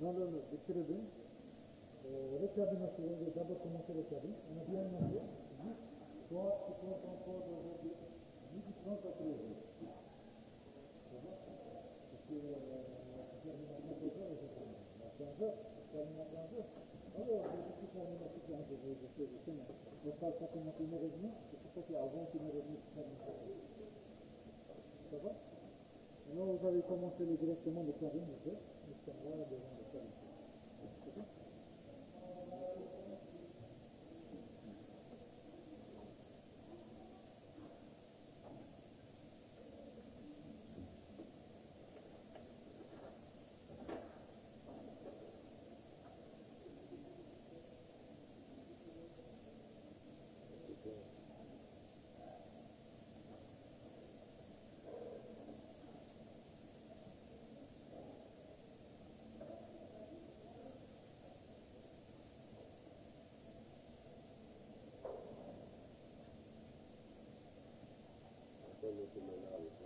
Non, non, non, décrédé. Euh, recadré notre règle, d'abord commencer le cadre. On a bien demandé. 10, 3, tu comptes encore aujourd'hui. 10, tu comptes après aujourd'hui. Ça va Parce que euh, on termine à 15h et c'est ça. À 15h, on termine à 15h. Alors, ça, va Alors, vous avez commencé directement de Karine, monsieur, le serveur devant to my náuky.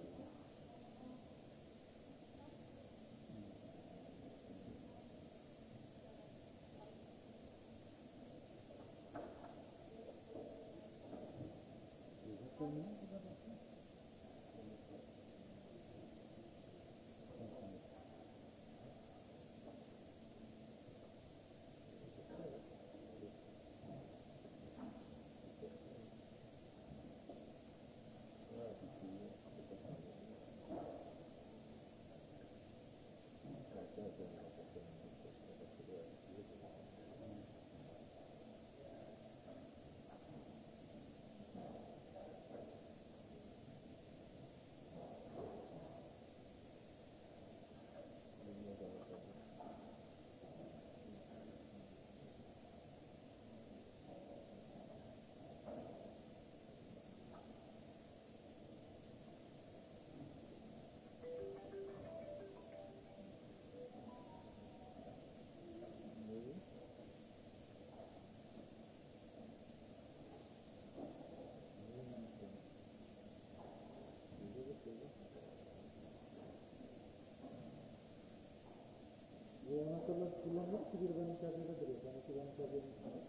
Sibirvanitari'de duruyor. Ben Sibirvanitari'de duruyor.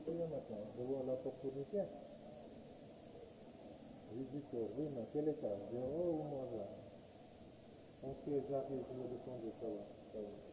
неприемате. Било на покурнике. Видите, вы на телека, где о, умаза. Он все жарко, если мы дыхом за того.